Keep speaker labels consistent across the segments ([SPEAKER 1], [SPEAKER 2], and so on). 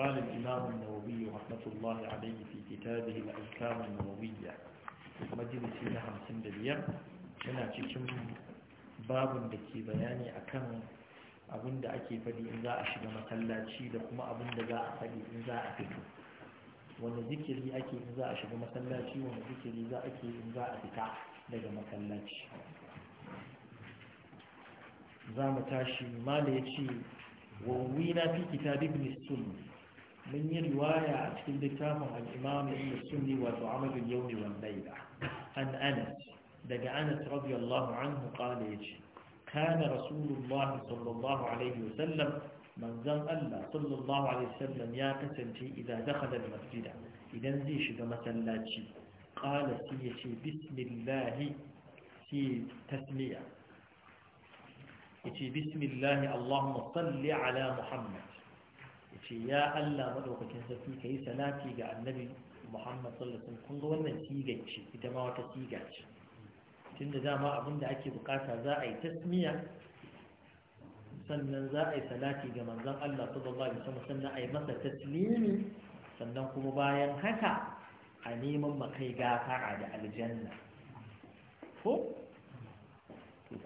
[SPEAKER 1] قال الإمام النووي رحمة الله عليه في كتابه الأذكار النووية مجلس نحن سند اليم تشم باب دكي بياني أكم abin da ake faɗi in za a shiga masallaci da kuma abin da za a faɗi in za a fito wanda zikiri ake in za a shiga masallaci wanda zikiri za ake in za a fita daga masallaci za mu tashi mala ya ce wa wina fi من رواية في عن الإمام ابن السني وتعرض اليوم والليلة عن أنس دقى أنس رضي الله عنه قال كان رسول الله صلى الله عليه وسلم من زم ألا صلى الله عليه وسلم يا كسنتي إذا دخل المسجد إذا نزيش مسلاتي قال سيشي بسم الله سي تسمية يتي بسم الله اللهم صل على محمد ce ya Allah madaukakin sarki yi salati ga annabi Muhammad sallallahu alaihi wasallam kun ga wannan siga ce ita ma wata siga ce tunda dama abin da ake bukata za a yi tasmiya sannan za a yi salati ga manzon Allah sallallahu alaihi wasallam sannan a yi masa taslimi sannan kuma bayan haka a neman makai gafara da aljanna ko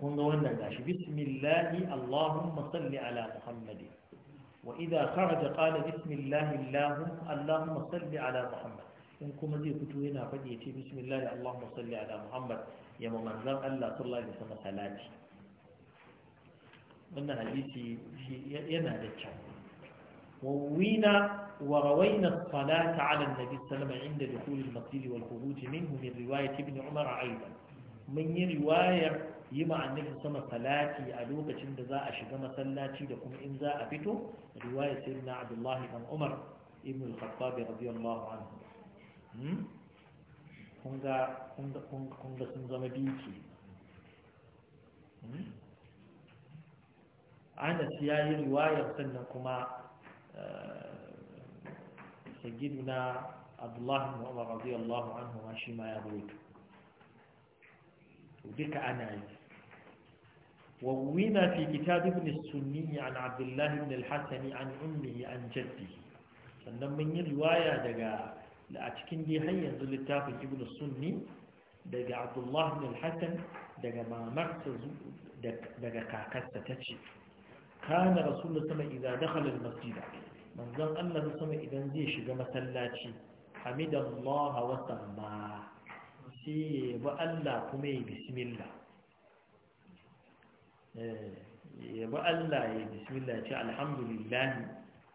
[SPEAKER 1] kun ga wannan gashi bismillahi allahumma salli ala muhammadin وإذا خرج قال بسم الله اللهم اللهم صل على محمد إن كما زي فتوينا فديتي بسم الله اللهم صل على محمد يا ممنزل الله صلى الله عليه وسلم صلاتي من حديثي ينادى ووينا وروينا الصلاة على النبي صلى الله عليه وسلم عند دخول المسجد والخروج منه من رواية ابن عمر أيضا من رواية yi ma annabi sama salati a lokacin da za a shiga masallaci da kuma in za a fito riwaya sayyidina abdullahi dan umar ibn al-khattab radiyallahu anhu kun ga sun zama biki anas ya yi riwayar sannan kuma sayyiduna abdullahi bin umar radiyallahu anhu shi ma ya rawaito duka ana yi وروينا في كتاب ابن السني عن عبد الله بن الحسن عن أمه عن جده sannan mun yi riwaya daga a cikin dai har yanzu littafin ibn sunni daga abdullah bin al-hasan daga mamarsa daga kakarsa ta ce kana rasulullah sama idza dakhala al-masjid manzon Allah sama idan zai shiga masallaci hamidallahi wa samma sai ba Allah kuma ya bismillah يا الله بسم الله تعالى الحمد لله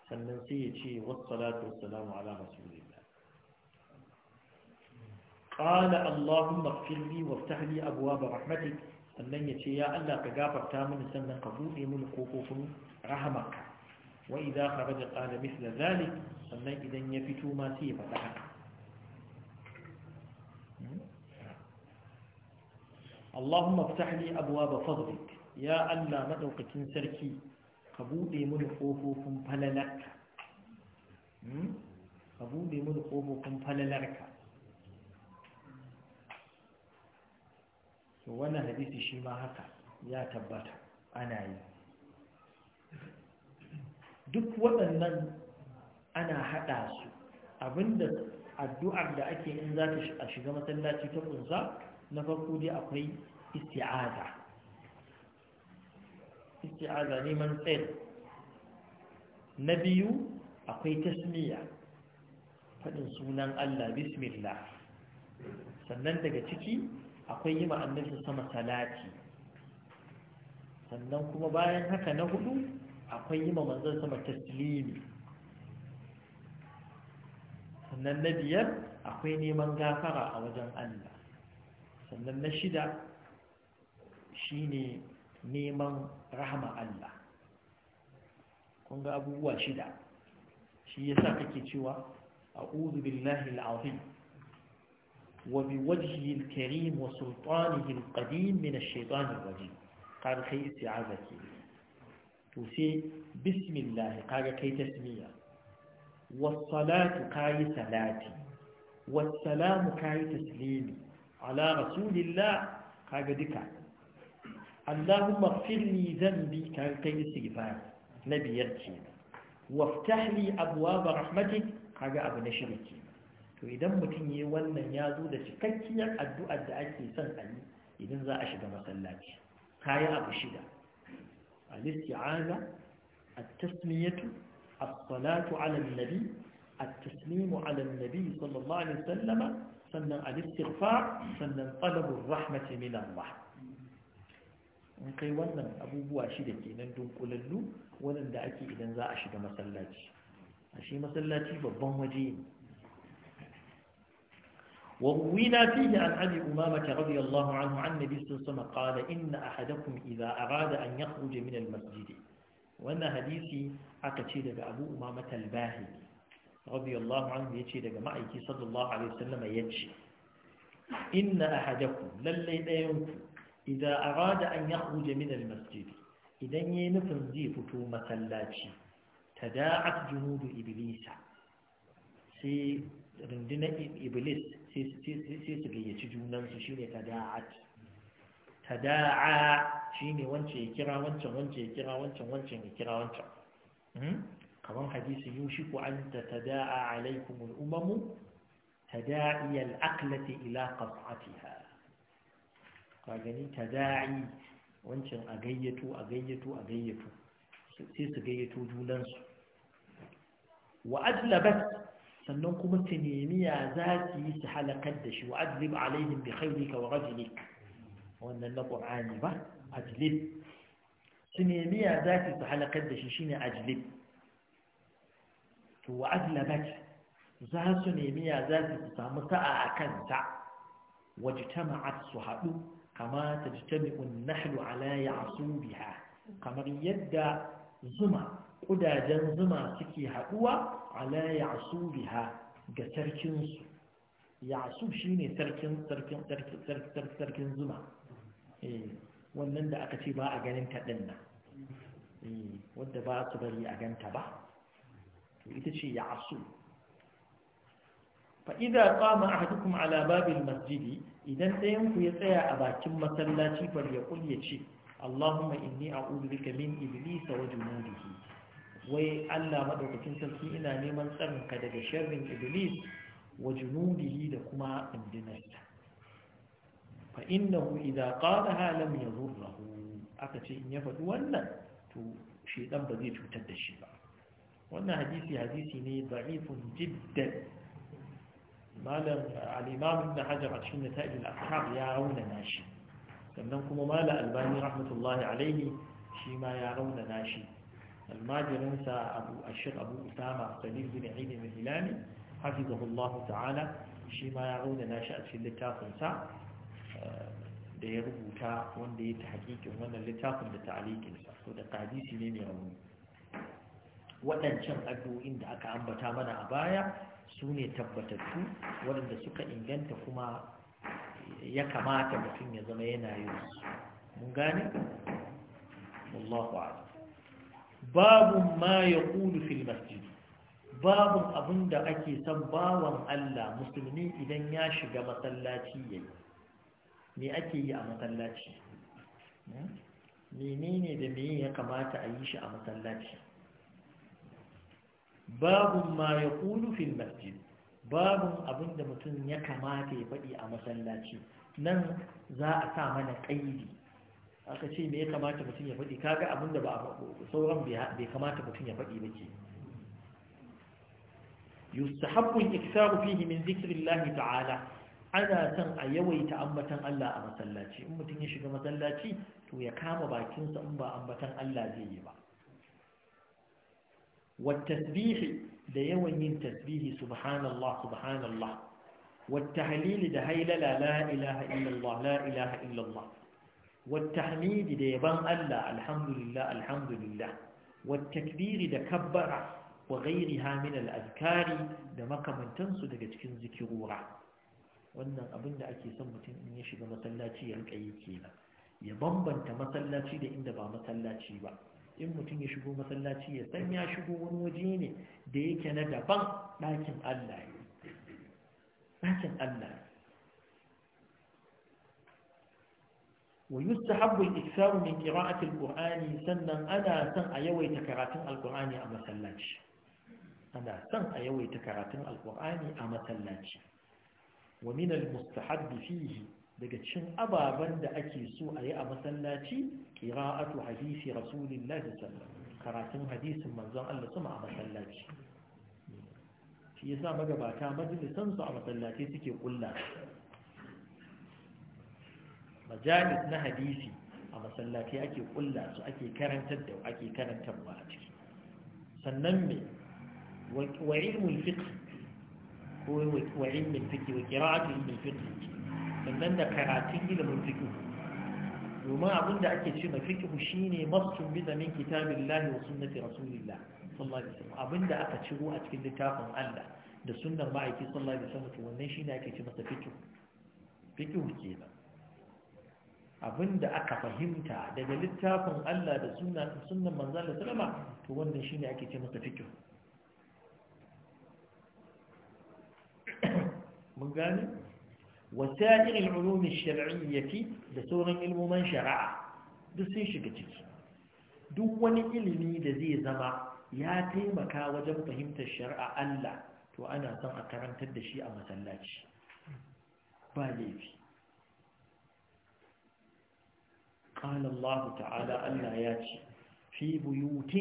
[SPEAKER 1] سننسي شيء والصلاة والسلام على رسول الله قال اللهم اغفر لي وافتح لي أبواب رحمتك سنن يتي يا الله تقابر تامن سنن قبول من قفوف رحمك وإذا خرج قال مثل ذلك سنن إذا يفتو ما سيب اللهم افتح لي أبواب فضلك ya Allah maɗaukakin sarki ka buɗe mini ƙofofin falalarka hmm? ka buɗe mini ƙofofin falalarka to wannan hadisi shi ma haka ya tabbata ana yi duk waɗannan ana haɗa su abinda addu'ar da ake in za ta shiga masallaci ta ƙunsa na farko dai akwai isti'aza isti'aza neman tsayin na biyu akwai tasmiya faɗin sunan Allah bismillah sannan daga ciki akwai yi ma'annarsa sama salati sannan kuma bayan haka na hudu akwai yi manzon sama taslimi sannan na biyar akwai neman gafara a wajen Allah sannan na shida shine neman rahama Allah kun ga abubuwa shida shi yasa ake cewa a'udhu billahi al wa bi wajhihi al-karim wa sultanihi al-qadim min ash-shaytan ar-rajim kaga kai isti'aza to sai bismillah kaga kai tasmiya was-salatu kai salati was-salamu kai taslimi ala rasulillah kaga duka اللهم اغفر لي ذنبي كان كي استغفار نبي يرتي وافتح لي أبواب رحمتك حاجة أبو نشركي to idan mutum yi wannan ya zo da cikakkiyar addu'ar da ake son ayi idan za a shiga masallaci kayi abu shida al-isti'aza a tasmiyatu a salatu 'ala nabi at-taslimu 'ala nabi sallallahu alaihi wasallama sannan a istighfar sannan talabu rahmatin rahmati min Allah in kai wannan abubuwa shida kenan nan dunkulallu waɗanda ake idan za a shiga masallaci a shi masallaci babban waje ne wa wina fi an abi umama ta rabi Allahu anhu an sun sama kala inna a hadakun iza a rada an ya kuje minal masjidi wannan hadisi aka ce daga abu umama talbahi rabi Allahu anhu ya ce daga ma'aiki sallallahu alaihi wasallama ya ce inna a hadakun lallai ɗayan ku idan arada an yakhruja min al-masjid idan yayi nufin zai fito masallaci tada'at junudu iblisa sai rundunar iblis sai su gayyaci junansu shi ne ta da'a shi ne wancan ya kira wancan wancan ya kira wancan wancan ya kira wancan kamar hadisin yushiku an ta tada'a alaikumul umamu tada'iyal aqlati ila qas'atiha ka gani ta da'i wancan a gayyato a gayyato a gayyato sai su gayyato junansu wa adlabat sannan kuma ta nemi ya za su yi su halakar da shi wa adlib alaihim bi khairika wa rajulika wannan na qur'ani ba adlib su nemi ya za su su halakar da shi shine ajlib to wa adlabat za su nemi ya za su samu sa'a a kanta wajtama'at su haɗu kama ta jitami'un nahlu ala ya'subiha kamar yadda zuma ƙudajen zuma suke haɗuwa ala ya'subiha ga sarkin su ya'sub shine sarkin sarkin sarkin zuma eh, wannan da aka ce ba a ganin ta din nan eh, wanda ba su bari a ganta ba ita ce ya'sub fa’iza kama a hajjukum a lababin masjidi idan ɗayanku ya tsaya a bakin masallaci bar ya ƙulye ce allahumma inni a ƙulurika min iblisa wa junubihi wai allah maɗaukakin sarki ina neman tsarinka daga sharrin iblis wa junubihi da kuma ɗandinarsa fa’in da ku idan ƙada halam ya zurrahu aka ce in ya faɗi wannan to shi ɗan zai cutar da shi ba wannan hadisi hadisi ne ba'ifun jiddan malam al'imam na hajjar a cikin da ta'il al'ahab ya raunana shi sannan kuma malam albani rahmatullahi alaihi shi ma ya raunana shi almajirinsa abu ashir abu usama salil bin aini mai hilami hafizahullahu ta'ala shi ma ya raunana shi a cikin littafinsa eh, da ya rubuta wanda ya ta hakikin wannan littafin da ta'alikinsa so da hadisi ne mai rauni waɗancan addu'o'in da aka ambata mana a baya su ne tabbatattu waɗanda suka inganta kuma ya kamata mutum ya zama yana yi mun gane? Allahu Akbar babun ma ya ƙulu fil masjid babun abin da ake son bawan Allah musulmi idan ya shiga masallaci ya yi me ake yi a masallaci hmm? menene da me ya kamata a yi shi a masallaci babun ma ya ƙulu fil masjid babun abin da mutum ya kamata ya faɗi a masallaci nan za a sa mana ƙaidi aka ce me ya kamata mutum ya faɗi kaga abin da ba sauran bai kamata mutum ya faɗi ba ke iktaru fihi min zikrillahi ta'ala ana son a yawaita ambatan Allah a masallaci in mutum ya shiga masallaci to ya kama bakinsa in ba ambatan Allah zai yi ba والتسبيح da yawan yin tasbihi subhanallah subhanallah والتهليل ده هيلا لا لا إله إلا الله لا إله إلا الله والتحميد ده يبان الله الحمد لله الحمد لله والتكبير ده كبر وغيرها من الأذكار ده ما كمان تنسو ده جتكين ذكرورا wannan abin da ake son mutum in ya shiga masallaci ya rika yi kenan ya bambanta masallaci da inda ba masallaci ba in mutum ya shigo masallaci ya san ya shigo wani waje ne da yake na daban ɗakin Allah ne ɗakin Allah ne wa yustahabbu al-iksaru min qira'ati sannan ana san a yawaita karatun al a masallaci ana san a yawaita karatun alkur'ani a masallaci wa mustahabbi fihi daga cikin ababen da ake so a yi a masallaci قراءة حديث رسول الله صلى الله عليه وسلم قراتم حديث من زمان الله سمع مسلاك في إسلام مجبع كان مجل سنسع مسلاك يسكي قل لا مجالس نهديسي مسلاك يأكي اكي لا سأكي كرن تدع وأكي كرن تبوات سننمي وعلم الفقه وعلم الفقه وقراءة علم الفقه سننمي قراتم من الفقه domin abin da ake ce mai fikihu shine masun bi zamin kitabillahi wa sunnati rasulillah sallallahu alaihi wasallam abin da aka ciro a cikin littafin Allah da sunnar ma'aiki sallallahu alaihi wasallam to wannan shine ake ce masa fikihu fikihu kenan abin da aka fahimta daga littafin Allah da sunnan sunnan manzon Allah sallama to wannan shine ake ce masa fikihu mun gane وسائر العلوم الشرعية لسورة علم من شرع دسين شكتك دون علمي دزي زما يا تيمكا وجب فهمت الشرع ألا تو أنا سن أكرم تدشي أما سلاج باليفي قال الله تعالى ألا ياتي في بيوت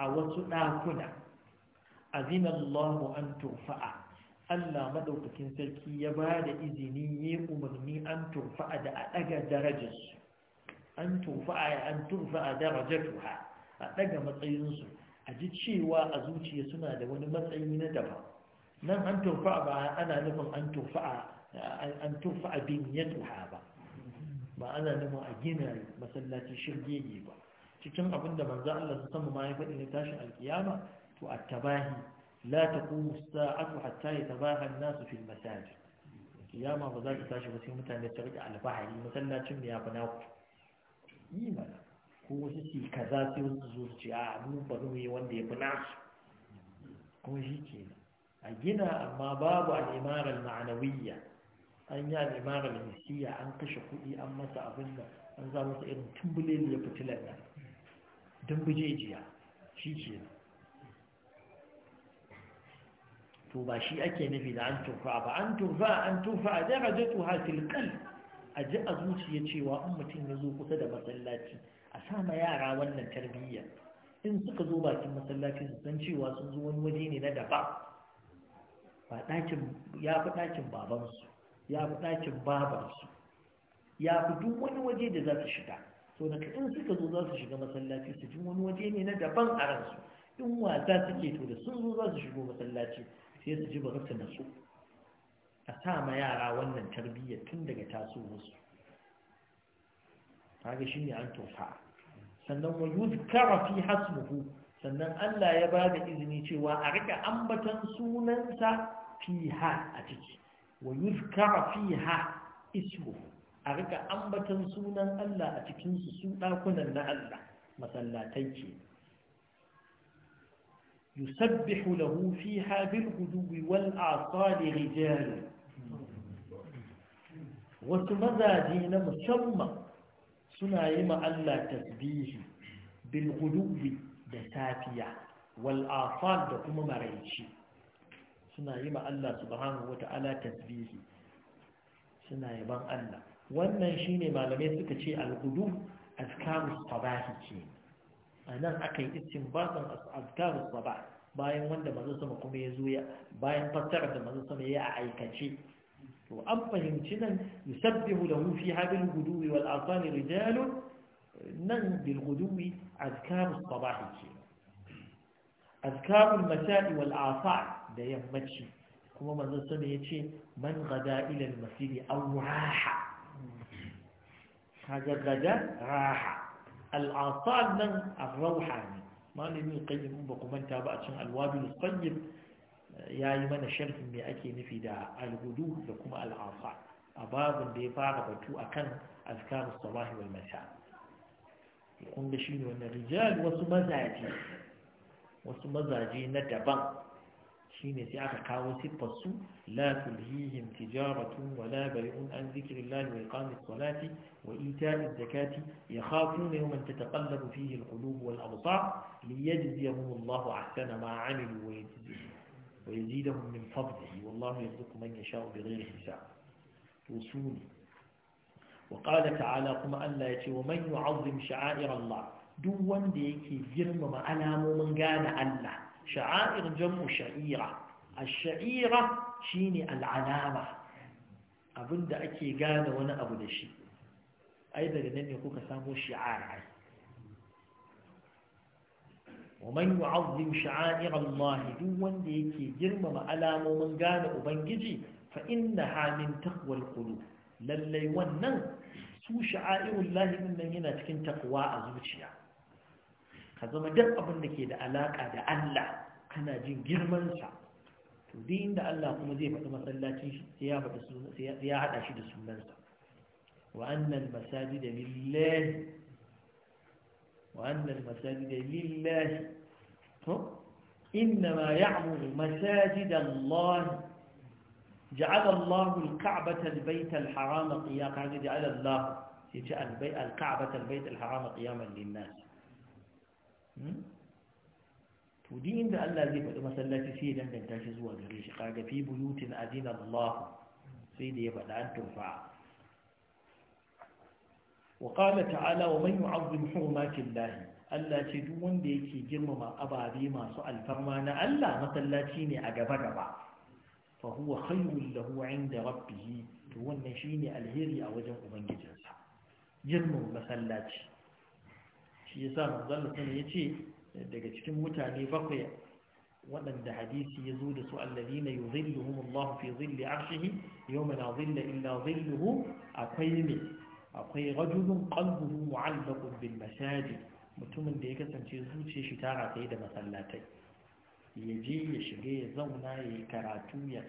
[SPEAKER 1] أو سناكنا أذن الله أن ترفع Allah maɗaukakin sarki ya ba da izini ya umarni an turfa'a da a ɗaga darajarsu an turfa'a ya an turfa'a darajatuha a ɗaga matsayinsu a ji cewa a zuciya suna da wani matsayi na daban nan an turfa'a ba ana nufin an turfa'a an turfa'a bin yatuha ba ba ana nufin a gina masallaci shirgege ba cikin abin da manzo Allah su sama ma ya faɗi na tashin alkiyama to attabahi Lata taqumu as-sa'atu ta ba an-nasu fil masajid kiyama ba za ki tashi ba sai mutane su rika alfahari masallacin mu ya fi naku yi mana ko wasu su kaza sai wasu zo su ce a mu yi wanda ya fi kuma shi a gina amma babu al'imarar ma'anawiyya an yi al'imarar an kashe kuɗi an masa abin an irin tumbule ya fitilar nan to ba shi ake nufi da an tufa ba an tufa an tufa a darajatu ha tilkal a ji a zuciya cewa in mutum ya zo kusa da masallaci a sama yara wannan tarbiyya in suka zo bakin masallaci su san cewa sun zo wani waje ne na daba ya fi ɗakin babansu ya fi ɗakin babansu ya fi duk wani waje da za su shiga so daga in suka zo za su shiga masallaci su ji wani waje ne na daban a ransu in wasa suke to da sun zo za su shigo masallaci sai su ji ba su nasu a sa ma yara wannan tarbiyya tun daga taso musu shi shine an tofa sannan wa yuzkara fi hasmuhu sannan Allah ya ba da izini cewa a rika ambatan sunansa fiha a ciki wa yuzkara fiha ismuhu a rika ambatan sunan Allah a cikinsu su ɗakunan dakunan na Allah masallatai ke يسبح له فيها بالغدو والأعطال رجال وتمزاجين مسمى سنعيم ألا تسبيه بالغدو دسافية والأعطال دكما مريشي سنعيم ألا سبحانه وتعالى تسبيه سنعيم ألا wannan shine malamai suka ce al-gudu azkarus sabahi kenan a nan aka yi istin basan azkarus sabah bayan wanda manzon sama kuma ya zo ya bayan fassara da manzon sama ya a aikace to an fahimci nan yusabbihu lahu fi hadil guduwi wal asani rijalun nan bil guduwi azkarus sabah ce azkarul masa'i wal asar da yammaci kuma manzon sama ya ce man gada ila al masjid aw raha kaga gada raha al'afa nan a rauha ne malamin qayyim ba ku manta ba a cikin alwabil ya yayi mana sharhin me ake nufi da algudu da kuma al'afa a babin da ya fara batu akan azkarus sabahi wal mata kun ga shine wannan rijal wasu mazaje wasu mazaje na daban shi ne sai aka kawo siffarsu latul hihim wala wa un an zikirin lalu wa ikamis salati wa itaɗin zakati ya haku ne wa ta taɓallar fiye al'ulubu wal abuwa liyar ziyar mu Allah a ma amin wa ya zide wa ya zide mu min fabdi wa Allah ya ya hisa to su ne ta'ala kuma Allah ya ce wa man yi wa azumin sha'a'ir duk wanda yake girmama alamomin gane Allah sha'a'ir jam'u sha'ira ash-sha'ira shine al'alama abinda ake gane wani abu da shi ai daga nan ne kuka samo shi'ar ai ومن يعظم شعائر الله دون ديكي جرم مألام من قال أبنجي فإنها من تقوى القلوب للي ونن سو شعائر الله من هنا تكن تقوى أزوجها ka zama duk abin da ke da alaka da Allah kana jin girmansa to din da Allah kuma zai faɗi masallaci sai ya faɗi sai ya hada shi da sunansa wa annal masajid lillahi wa annal masajid lillahi to إنما يعمر مساجد الله جعل الله الكعبة البيت الحرام قياما جعل الله الكعبة البيت الحرام قياما للناس Hmm? to duk inda Allah zai faɗi masallaci sai ya danganta shi zuwa gare shi kaga fi buyutin azina Allah sai da ya faɗa an tufa wa qala ta'ala wa man yu'azzim hurumati Allah Allah ce duk wanda yake girmama ababe masu alfarma na Allah masallaci ne a gaba gaba fa huwa khayrun lahu 'inda rabbih to wannan shine alheri a wajen ubangijinsa girmama masallaci shi yasa manzon Allah ya ce daga cikin mutane bakwai waɗanda hadisi ya zo da su alladina yuzilluhum Allah fi zilli arshihi yawma la zilla illa zilluhu akwai ne akwai rajulun qalbuhu mu'allaqun bil masajid mutumin da ya kasance zuciyar shi tara da masallatai ya je ya shiga ya zauna ya yi karatu ya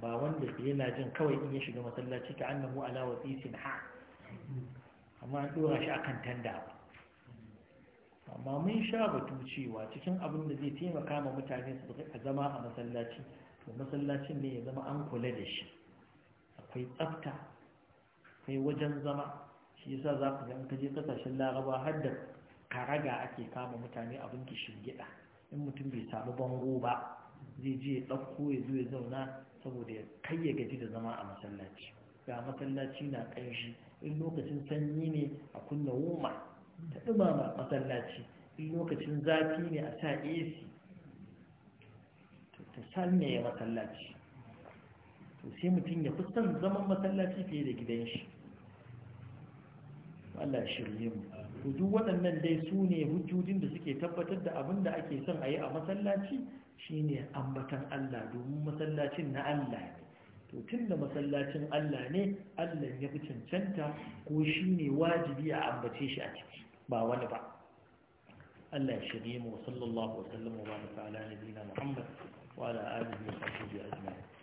[SPEAKER 1] ba wanda yana jin kawai in ya shiga masallaci ka annahu ala wasisin ha amma an ɗora shi akan tanda ba amma mun sha batu cewa cikin abin da zai taimaka ma mutane su a zama a masallaci to masallacin ne ya zama an kula da shi akwai tsafta akwai wajen zama shi yasa za ku ga ka kasashen laraba har da karaga ake kama mutane abin kishin gida in mutum bai samu bango ba zai je ya ɗauko ya zo ya zauna saboda ya kai ya gaji da zama a masallaci ga masallaci na ƙanshi in lokacin sanyi ne a kunna woma ta dumama masallaci in lokacin zafi ne a sa ac ta sanya masallaci to sai mutum ya fi son zaman masallaci fiye da gidan shi Allah shirye mu to duk waɗannan dai su ne hujjojin da suke tabbatar da abin da ake son a yi a masallaci shine ambatan Allah domin masallacin na Allah ne to tun da masallacin Allah ne Allah ya fi cancanta ko shi ne wajibi a ambace shi a ciki ba wani ba Allah ya shirye mu sallallahu alaihi wa sallam wa baraka ala nabiyina Muhammad wa ala alihi wa sahbihi ajma'in